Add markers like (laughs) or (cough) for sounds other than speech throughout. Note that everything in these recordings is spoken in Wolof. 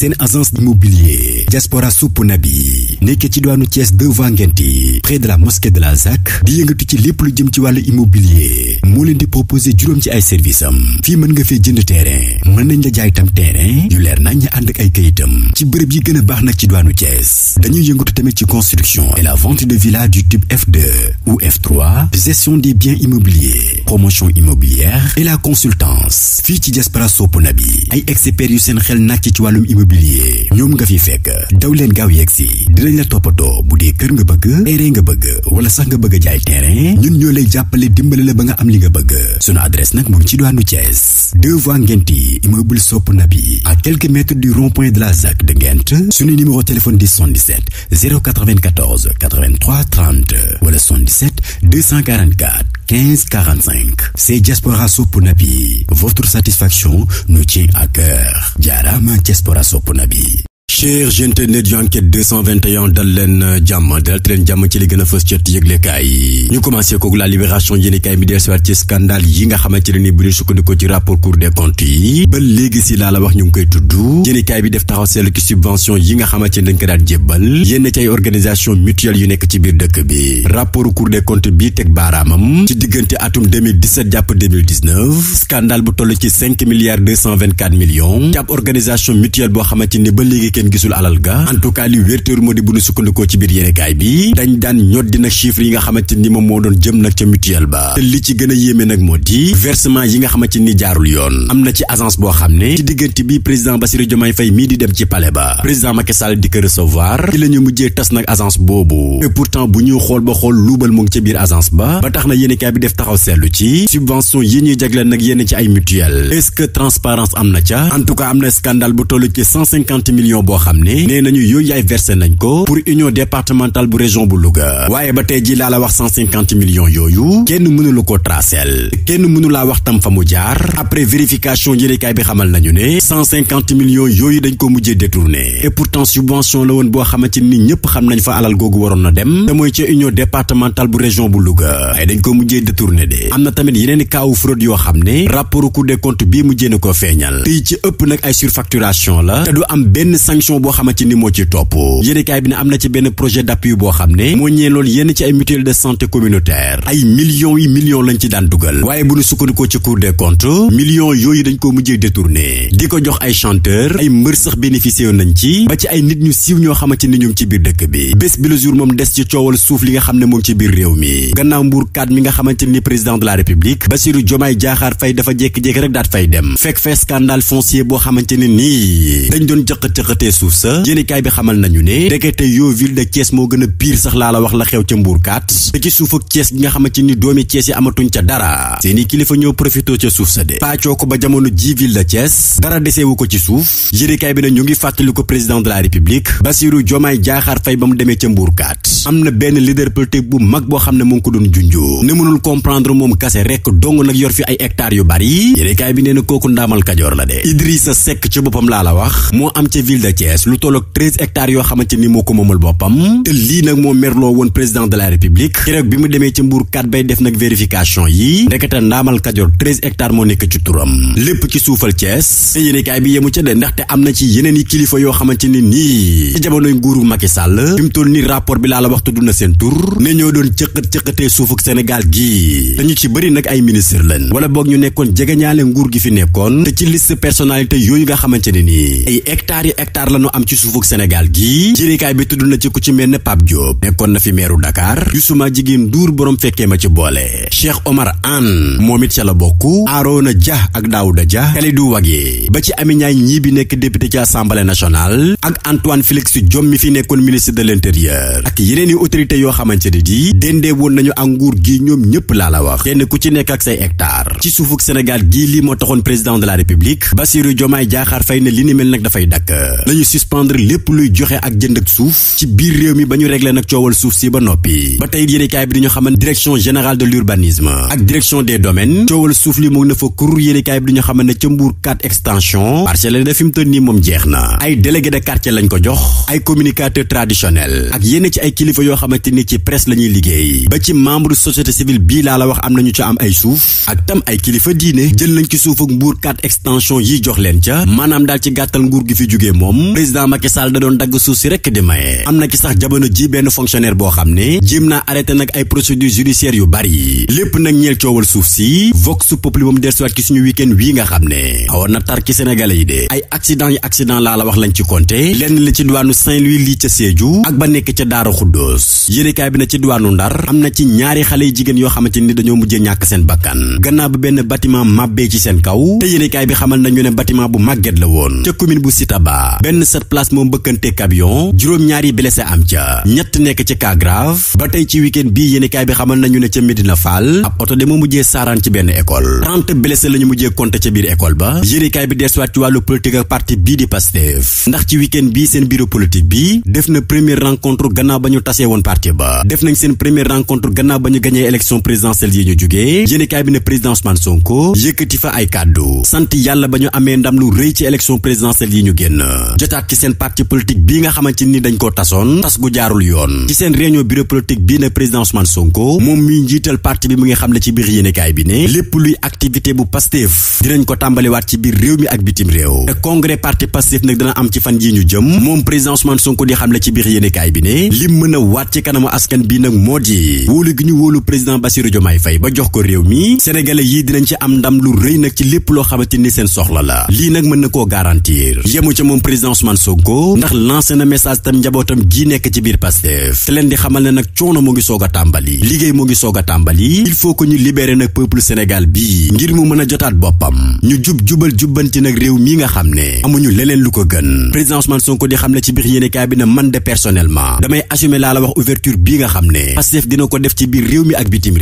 seen agence immobilier diaspora suppuna bi nekk ci diwaanu Thiès devant Ngenti près de la mosquée de la ZAC di yëngatu ci lépp lu jëm ci wàllu immobilier moo leen di proposer juróom ci ay services am fii mën nga fee jënd terrain mën nañ la jaay terrain yu leer nañ ñu ànd ak ay kayitam ci bërëb yi gën a baax nag ci diwaanu Thiès dañuy yëngatu tamit ci construction et la vente de villas du type F2 ou F3 gestion des biens immobiliers promotion immobilière et la fii ci diaspora suppuna bi ay experts seen xel nàcc ci wàllum immobilier immobilier ñoom nga fi fekk daw leen gaaw yegg si dinañ la toppatoo bu dee kër nga bëgg terrain nga bëgg wala sax nga bëgg jaay terrain ñun ñoo lay jàppale dimbale la ba nga am li nga bëgg sunu adresse nag mu ngi ci doonu Thiès deux voies Ngenti immeuble Sopp Nabi à quelques mètres du rond-point de la ZAC de Ngent suñu numéro téléphone di 77 094 83 30 wala 77 244 15 45 c'est Diaspora Sopp Nabi votre satisfaction nous tient à cœur jaaraama Diaspora Sopp sopp nabi chers internet yu enquête 221 dal leen euh, jàmm dalal leen jàmm ci li gën a fës yëglekaay yi ñu commencé kook la libération yéenekaay bi def taxaw seetlu ci subvention yi nga xamante ne dañ ko daan jébbal yenn ci ay organisation mutuelle yu nekk ci biir dëkk bi rapport cour des comptes bii teg baaraamam ci diggante atum 2017 jàpp 2019 scandale bu toll ci 5 milliards 224 millions ci ab organisation mutuelle boo xamante ni ba léegi kenn gisul alal ga en tout cas li wértéeru moo di bu nu sukkandikoo ci biir yéenekaay bi dañ daan ñoddi nag chiffres yi nga xamante ni moom moo doon jëm nag ca mutuel ba te ci gën yéeme nag moo versement yi nga xamante ni jaarul yoon am na ci agence boo xam ne ci diggante bi président Bassirou Diomaye Faye mii di dem ci palais ba président Macky Sall di ko recevoir ci la ñu mujjee tas nag agence boobu et bu ñuy xool ba xool luubal mu ngi biir agence ba en tout cas am boo xam ne nee nañu yooyu yaay versé nañ ko pour union départementale bu région bu Louga waaye ba tey ji laa la wax cent cinquante millions yooyu kenn mënulu ko tracel kenn mënulaa wax tam fa mu jaar après vérification kaay bi xamal nañu ne cent cinquante millions yooyu dañ ko mujjee détourné et pourtant subvention la woon boo xamante ni ñëpp xam nañ fa alal googu waroon na dem te mooy ca union départementale bu région bu Louga ay dañ ko mujjee détourné de am na tamit yeneen kaawu fraude yoo xam ne rapport Cour des comptes bii mujjee ko feeñal tey ci ëpp nag ay la sanction boo xamante ni moo ci topp yéenekaay bi ne am na ci benn projet d'appui boo xam ne moo ñee loolu yenn ci ay mutuelle de santé communautaire ay millions yi millions lañ ci daan dugal waaye bu ñu sukkandikoo ci Cour des comptes millions yooyu dañ ko mujjee détourné di ko jox ay chanteur ay mbër sax nañ ci ba ci ay nit ñu siiw ñoo xamante ni ñu ngi ci biir dëkk bi bés bi le jour moom des ci coowal suuf ne moom ci biir réew mi gannaaw mbuur kaat mi nga xamante la république Bassirou Diomaye Diakhar Faye dafa jékki-jékki rek daat fay dem fekk doon jëqat-jëqat xottee suuf sa yéenekaay bi xamal nañu ne ndekete yoo ville de Thiès moo gën a pire sax laa la wax la xew ca mbuurkat te ci suufak Thiès gi nga xamante ni doomi Thiès yi amatuñ ca dara seeni kilifa ñoo profité ca suuf sa de paccoo ko ba jamono ji ville de Thiès dara deseewu ko ci suuf yéenekaay bi ne ñu ngi fàttali ko président de la république Bassirou Diomaye Diakhar Faye ba mu demee ca mbuurkat am na benn leader politique bu mag boo xam ne mu ngi ko doon junjoo ne mënul comprendre moom kase rekk dong nag yor fi ay hectares yu bari yéenekaay bi nee na kooku ndaamal kajoor la de Idrissa Seck ci boppam laa la wax de Thiès lu tolloog 13 hectares yoo xamante ni moo ko moomal boppam te lii nag moo merloo woon président de la république keroog bi mu demee ci Mbour bay def nag vérification yi ndekete ndaamal Kajoor 13 hectares yi kilifa yoo nii ci jamonoy nguuru Macky Sall fi mu rapport bi laa la wax tudd seen tur ne ñoo doon cëqat cëqatee suufuk Sénégal gii dañu ci bëri nag ay ministre lañ wala boog ñu nekkoon jegeñaale nguur gi fi nekkoon hectares la am ci suufuk Sénégal gii yéenekaay bi tudd na ci ku ci mel ne Pape Diop nekkoon na fi meeru Dakar Youssouma jigéen Ndour fekkee ma ci boole Cheikh Omar Anne moom it ca la bokk Arona Dia ak Daouda Dia Kalidou Wagué ba ci Amy ñii bi nekk député ci Assemblée nationale ak Antoine Félix Diome mi fi nekkoon ministre de l'intérieur ak yeneen i autorités yoo xamante ne di dendee woon nañu ak gi ñoom ñëpp laa la wax kenn ku ci nekk ak say hectare ci suufuk Sénégal gii lii moo taxoon président de la République Bassirou Diomaye Diakhar Faye ne li ni mel nag dafay dakk nañu suspendre lépp luy joxe ak jënd ak suuf ci biir réew mi ba ñu régler nag coowal suuf si ba noppi ba tey yéenekaay bi di ñu xamal direction générale de l'urbanisme ak direction des domaines coowal suuf li mu na fa kur yéenekaay bi di xamal ne ca Mbour 4 extension parcelle la def mu nii moom jeex na ay délégué de quartier lañ ko jox ay communicateur traditionnel ak yenn ci ay kilifa yoo xamante ni ci presse la ñuy liggéey ba ci membre société civile bii laa la wax am nañu ca am ay suuf ak tam ay kilifa nañ ci suuf ak Mbour yi jox leen ca maanaam daal ci gàttal nguur gi fi jógee moom moom mm-hmm. président Macky Sall da doon dagg suuf si rekk di maye am na ci sax jamono ji benn fonctionnaire boo xam ne jéem naa arrêté nag ay procédures judiciaires yu bari lépp nag ñeel coowal suuf si vox populi ba mu dellusiwaat ci suñu week-end wii nga xam ne awoon na tar ci sénégalais yi de ay accident yi accident laa la wax lañ ci compté lenn li ci diwaanu Saint-Louis lii ca Sédhiou ak ba nekk ca Daaru Xuddoos yéenekaay bi na ci diwaanu Ndar am na ci ñaari xale yu jigéen yoo xamante ni dañoo mujjee ñàkk seen bakkan gannaaw ba benn bâtiment màbbee ci seen kaw te yéenekaay bi xamal nañu ne bâtiment bu màgget la woon ca commune bu Sitaba benn sept place moom bëkkante camion juróom-ñaari blessé am ca ñett nekk ci cas grave ba tey ci week bi bii yéenekaay bi xamal nañu ne ca Medina Fall ab oto de moo mujjee saaraan ci benn école trente blessé la ñu mujjee compté ca biir école ba yéenekaay bi deesuwaat ci wàllu politique ak parti bii di Pastef ndax ci week-end bii seen bureau politique bi def na première rencontre gannaaw ba ñu tasee woon parti ba def nañ seen première rencontre gannaaw ba ñu gañee élection présidentielle yi ñu jógee yéenekaay bi ne président Ousmane Sonko yëkkati ba ñu amee ndam lu rëy ci élection présidentielle yi ñu génn jotaat ci seen parti politique bii nga xamante ni dañ koo tasoon tas gu jaarul yoon ci seen réunion bureau politique bii nag président Ousmane Sonko moom miy njiital parti bi mu ngi xam ne ci biir yéenekaay bi ne lépp luy activité bu Pastef dinañ ko tàmbaliwaat ci biir réew mi ak bitim réew te congrès parti Pastef nag dana am ci fan yi ñu jëm moom président Ousmane Sonko di xam ne ci biir yéenekaay bi ne li mën a waat ci kanamu askan bi nag moo di ba jox ko réew mi sénégalais yii dinañ ci am ndam lu rëy nag ci lépp loo xamante ni seen soxla la lii nag mën na koo garantir yemu ca moom président Ousmane Sonko ndax lancé na message tam njabootam gi nekk ci biir Pastef te leen di xamal ne nag coono mu ngi soog a tàmbali liggéey mu ngi soog tàmbali il faut que ñu libérer nag peuple Sénégal bii ngir mu mën a jotaat boppam ñu jub jubal jubbanti nag réew mi nga xam ne amuñu leneen lu ko gën président Ousmane Sonko di xam ne ci biir yéenekaay bi na man de personnellement damay assumer laa la wax ouverture bi nga xam ne Pastef dina ko def ci biir réew mi ak bitim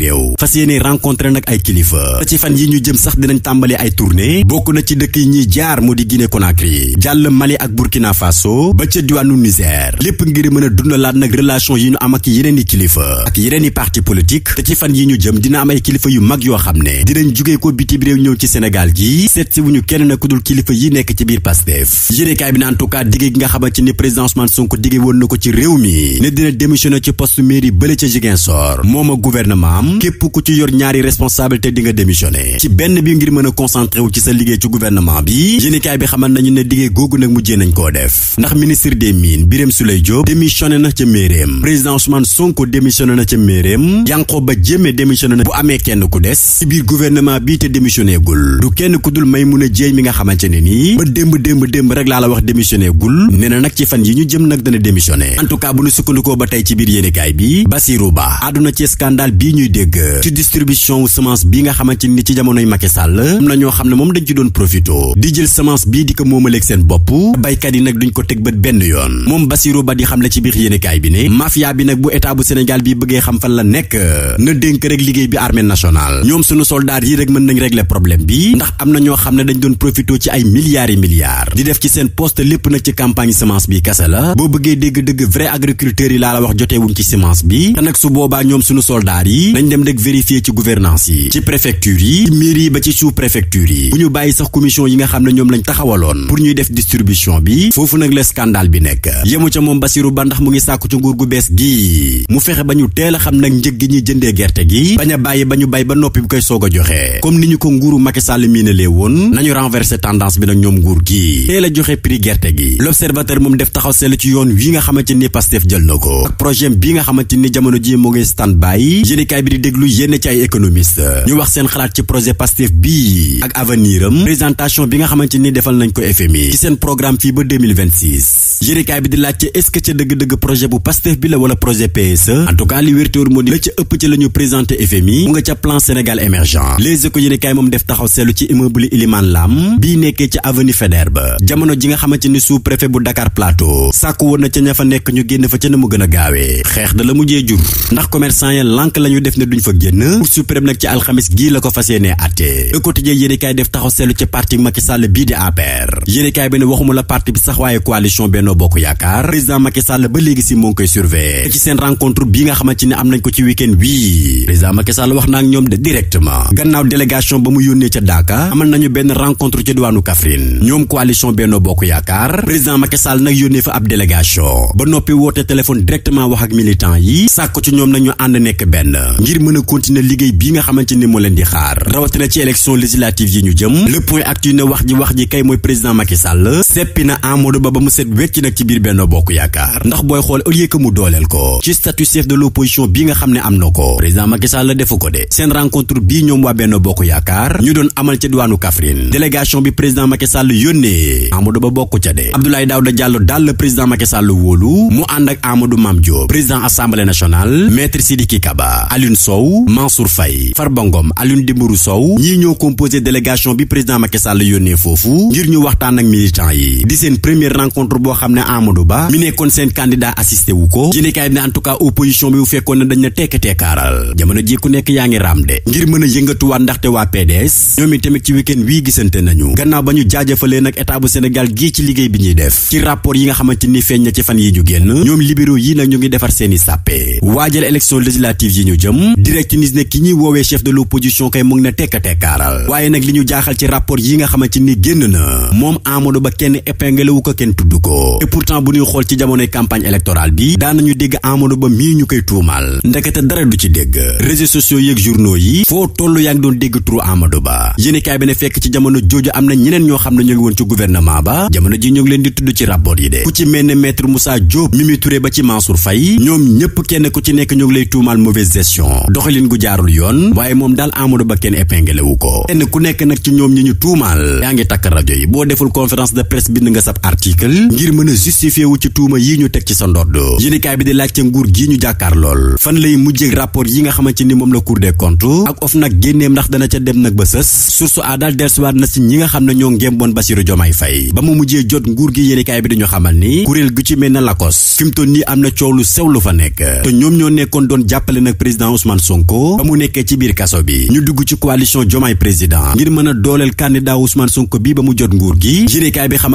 ak Burkina Faso ba ca diwaanu Niger lépp ngir mën a dundalaat nag relation yi ñu am ak yeneen i kilifa ak yeneen i parti politique te ci fan yi ñu jëm dina am ay kilifa yu mag yoo xam ne dinañ jugee ko bitim réew ñëw ci Sénégal gi seet si wuñu kenn na ku dul kilifa yi nekk ci biir Pastef yéenekaay bi ne en tout cas nga xamante ni président Ousmane Sonko digée woon na ko ci réew mi ne dina démissionné ci poste mairie bële ca Ziguinchor moom ak gouvernement képp ku ci yor ñaari responsabilité di nga démissionné ci benn bi ngir mën a concentré wu ci sa liggéey ci gouvernement bi yéenekaay bi xamal nañu ne digée googu nañ koo def ndax ministre de des mines su Souleye Diop démissionné na ca méeréem président Ousmane Sonko démissionné na ca méeréem Yankhoba Diémé démissionné na bu amee kenn ku des ci biir gouvernement bii te démissionné gul du kenn ku dul Maïmouna Dièye mi nga xamante ne nii ba demb demb démb rek laa la wax démissionné gul nee na nag ci fan yi ñu jëm nag dana démissionné en tout cas bu ñu sukkandikoo ba tey ci biir yéenekaay bi Bassirou Ba àdduna ci scandale bii ñuy dégg ci semence bi nga xamante ni ci jamonoy Macky Sall am ñoo xam ne moom dañ ci doon profito di jël semence bii di ko moomaleeg seen bopp baykat yi nag duñ ko teg bët benn yoon moom Bassirou Ba di xam la ci biir yéenekaay bi ne mafia bi nag bu état bu Sénégal bi bëggee xam fan la nekk na dénk rek liggéey bi armée national ñoom suñu soldat yi rek mën nañ régler problème bi ndax na ñoo xam ne dañ doon profité ci ay milliards et milliards def ci seen poste lépp nag ci campagne semence bi kese la boo bëggee dégg-dëgg vrai yi laa la wax joteewuñ ci semence bi te nag su boobaa ñoom suñu soldat yi nañ dem rek vérifier ci gouvernance yi ci préfecture yi ci mairie ba ci sous préfecture yi bu ñu bàyyi sax commission yi nga xam ne ñoom lañ taxawaloon pour ñuy def distribution élection bi foofu nag la scandale bi nekk yemu ca moom Basiru Ba ndax mu ngi sàkku ci nguur gu bees gi mu fexe ba ñu teel a xam nag njëg gi ñuy jëndee gerte gi bañ a bàyyi ba ñu bay ba noppi bu koy soog a joxe comme ni ñu ko nguuru Macky Sall miinalee woon nañu renverser tendance bi nag ñoom nguur gi teel a joxe prix gerte gi l'observateur moom def taxaw seetlu ci yoon wi nga xamante ni Pastef jël na ko ak projet bi nga xamante ni jamono ji mu ngi standby yéenekaay fii ba 2026 bi di laajte est ca dëgg-dëgg projet bu Pastef bi la wala projet PSE en tout cas ca ëpp ci la ñu présenté mu nga ca plan Sénégal émergent Les Échos yéenekaay moom def taxaw seetlu ci immeuble Iliman Lam bii nekkee ci avenue Faidherbe jamono ji nga xamante ni sous-préfet bu Dakar Plateau sàkku woon na ca ña fa nekk ñu génn fa ca na mu gën a gaawee xeex da mujjee jur ndax commerçant ya lànk la def ne duñ fa génn Cour suprême nag parti bi sax waaye coalition Benno Bokk Yaakaar président Macky Sall ba léegi si moo ngi koy surveiller ci seen rencontre bi nga xamante ni am nañ ko ci week-end bii président Macky Sall wax mu yónnee ca Dakar amal nañu benn rencontre ci diwaanu Kaffrine ñoom coalition Benno Bokk Yaakaar président Macky nag yónnee fa ab délégation ba noppi woote téléphone directement wax ak militant yi sàkku ci ñoom nañu ànd nekk benn ngir mën a continuer liggéey bi nga xamante ni moo leen di xaar rawatina ci élection législative yi ñu jëm le point actu ne wax ji wax ji kay mooy président Macky seppi na Amadou Ba ba mu set wecc nag ci biir Benno Bokk Yaakaar ndax booy xool au lieu mu dooleel ko ci statut chef de l'opposition bi nga xam ne am na ko président Macky Sall la defu ko de seen rencontre bii ñoom waa Benno Bokk Yaakaar ñu doon amal ca diwaanu Kaffrine délégation bi président Macky Sall yónnee Amadou Ba bokk ca de Abdoulaye Daouda Diallo daal la président Macky Sall wóolu mu ànd ak Amadou Mame Diop président assemblée nationale maître Sidiki seen première rencontre boo xam ne Amadou Ba mi nekkoon seen candidat assisté ko yéenekaay bi ne en opposition bi bu fekkoon ne dañ na tekk tekkaaral jamono ji nekk yaa ngi raam de ngir mën a yëngatuwaat ndaxte waa PDS ñoom itamit ci week wii gisante nañu gannaaw ba ñu jaajëfalee nag état bu Sénégal ci liggéey bi ñuy def ci rapport yi nga xamante ni feeñ na ci fan yi ju génn ñoom libéraux yi nag ñu ngi defar seeni sàppe waajal épinglé wu ko kenn tudd ko et pourtant bu ñuy xool ci jamonoy campagne électorale bi daanañu dégg Amadou Ba mii ñu koy tuumal ndekete dara du ci dégg réseaux sociaux yeeg journaux yi foo toll yaa ngi doon dégg turu Amadou Ba yéenekaay bi ne fekk ci jamono jooju am na ñeneen ñoo xam ne ñu ngi woon ci gouvernement ba jamono ji ñu ngi leen di tudd ci rapport yi de ku ci mel ne maître Moussa Mimi Touré ba ci Mansour Faye ñoom ñëpp kenn ku ci nekk yoon waaye moom daal Amadou Ba kenn épinglé wu ko kenn ku nekk ñoom ñi bind nga sab article ngir mën a justifié wu ci tuuma yi ñu teg ci sa ndodd yéenekaay bi di laajte nguur gi ñu jàkkaar lool fan lay mujjee rapport yi nga xamante ni moom la Cour des comptes ak of nag génneem ndax dana ca dem nag ba sës source a na si ñi nga xam ne ñoo ngémboon Bassirou Diomaye Faye ba mu mujjee jot nguur gi yéenekaay bi dañu xamal ni kuréel gu ci mel na lakos fi mu am na coow lu sew lu fa nekk te ñoom ñoo nekkoon doon jàppale nag président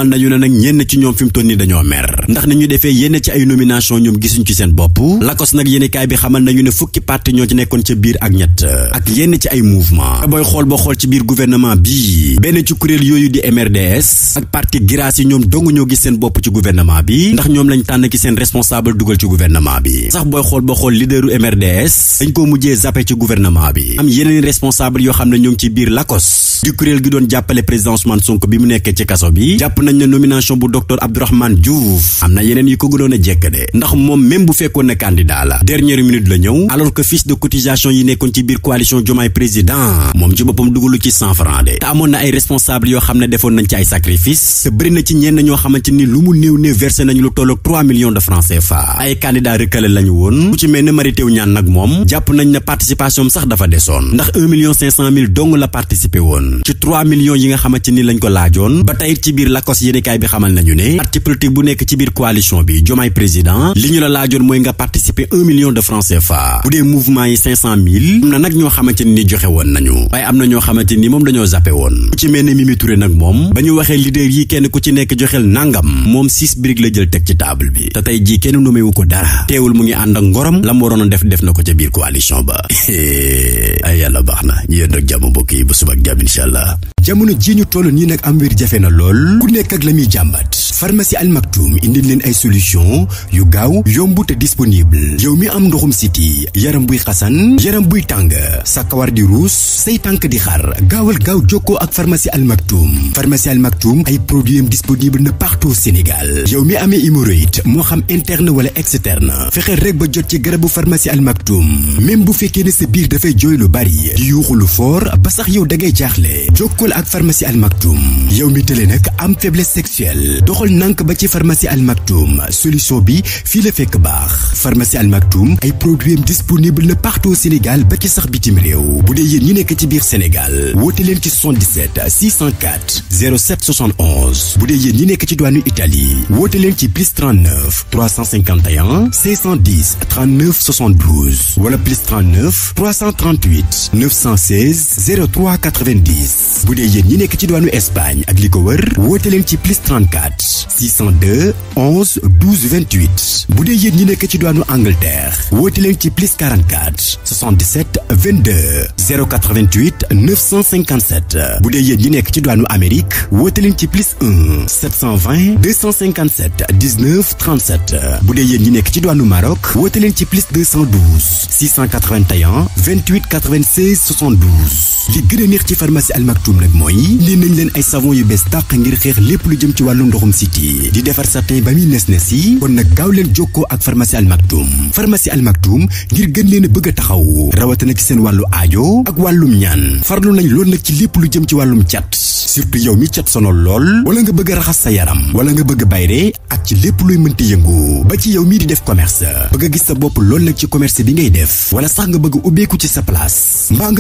a dañu ne nag ñenn ci ñoom fi mu toll nii dañoo mer ndax ni ñu defee yenn ci ay nomination ñoom gisuñ ci seen bopp lakos nag yéenekaay bi xamal nañu ne fukki parti ñoo ci nekkoon ca biir ak ñett ak yenn ci ay mouvement booy xool ba xool ci biir gouvernement bi benn ci kuréel yooyu di MRDS ak parti Giras yi ñoom dong ñoo gis seen bopp ci gouvernement bi ndax ñoom lañ tànn ki seen responsable dugal ci gouvernement bi sax booy xool ba xool leaderu MRDS dañ ko mujjee zappe ci gouvernement bi am yeneen responsable yoo xam ne ñoo ngi ci biir lakos du kuréel gi doon jàppale président Ousmane Sonko bi mu nekkee ci kaso bi jàpp nañ ne nomination bu docteur Abdourahmane Diouf am na yeneen yu ko gënoon jekk de ndax moom même bu fekkoon ne candidat la dernière minute la ñëw alors que fiche de cotisation yi nekkoon ci biir coalition Diomaye président moom ci boppam dugalu ci cent francs de te na ay responsable yoo xam ne defoon nañ ci ay sacrifice te bëri na ci ñenn ñoo xamante ni lu mu néew néew versé nañu lu tolloog 3 millions de francs CFA ay ci mel ne Mary Teuw Niane nag moom jàpp nañ ne participation sax dafa desoon ndax 1 million 500 mille la participé woon yoon ci 3 millions yi nga xamante ni lañ ko laajoon ba tey ci biir lakos yéenekaay bi xamal nañu ne parti politique bu nekk ci biir coalition bi Diomaye président li ñu la laajoon mooy nga participer 1 million de francs CFA bu dee mouvement yi 500000 am na nag ñoo xamante ni joxe woon nañu waaye am na ñoo xamante ni moom dañoo zappe woon ku ci mel ne moom ba ñu waxee leader kenn ku ci nekk joxel nangam moom six la jël teg ci table bi te tey jii kenn numewu ko dara teewul mu ngi ànd ak ngorom la mu waroon def def na ko ca biir coalition ba (laughs) ay baax na ñu yéen mbokk yi bu subak jàmm macha allah jamono ji ñu toll nii nag am wér jafe na lool ku nekk ak la muy jàmbat farmasi Al Maktoum indi leen ay solution yu gaaw yomb te disponible yow mi am ndoxum siti yaram buy xasan yaram buy tàng sa kawar di ruus say tànk di xar gaawal gaaw jokkoo ak pharmacie Al Maktoum pharmacie Al Maktoum ay produit am disponible na partout Sénégal yow mi amee hémorroïde moo xam interne wala externe fexeel rek ba jot ci garabu pharmacie Al Maktoum même bu fekkee ne sa biir dafay jooy lu bari di yuuxu lu fort ba sax yow da ngay télé jokkool ak pharmacie Al Maktoum yow mi télé nag am faiblesse sexuelle doxal nank ba ci pharmacie Al Maktoum solution bi fii la fekk baax pharmacie Al Maktoum ay produits disponible na partout Sénégal ba ci sax bitim réew bu dee yéen ñi nekk ci biir Sénégal woote leen ci 77 604 07 71 bu dee yéen ñi nekk ci douane Italie woote leen ci plus 39 351 610 39 72 wala plus 39 338 916 03 90 10 bu ñi nekk ci diwaanu Espagne ak li ko wër woote leen ci plus 34 602 11 12 28 bu dee yéen ñi nekk ci diwaanu Angleterre woote leen ci plus 44 77 22 088 957 bu dee yéen ñi nekk ci diwaanu Amérique woote leen ci plus 1 720 257 19 37 bu dee yéen ñi nekk ci diwaanu Maroc woote leen ci plus 212 681 28 96 72 li gën a neex ci pharmacie Al Maktoum nag mooy lii nañ leen ay savon yu bees tàq ngir xeex lépp lu jëm ci wàllu ndoxum siti di defar sa sarten ba muy nes nes yi kon na gaaw leen jokkoo ak pharmacie Al Maktoum pharmacie Al Maktoum ngir gën leen bëgg a taxaw rawatina ci seen wàllu aajo ak wàllum ñaan farlu nañ lool nag ci lépp lu jëm ci wàllum cat surtout yow mi cat sonal lool wala nga bëgg raxas sa yaram wala nga bëgg a bayre ak ci lépp luy mënti yëngu ba ci yow mii di def commerce bëgg a gis sa bopp lool nag ci commerce bi ngay def wala sax nga bëgg ubbeeku ci sa place mbaa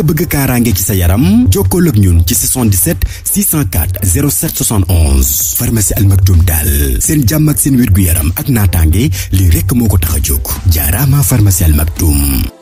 sa yaram jokkool ak ñun ci 77 604 07 71 pharmacie Al Maktoum daal seen jàmm ak seen wér gu yaram ak naataange lii rekk moo ko tax a jóg jaaraama pharmacie Al Maktoum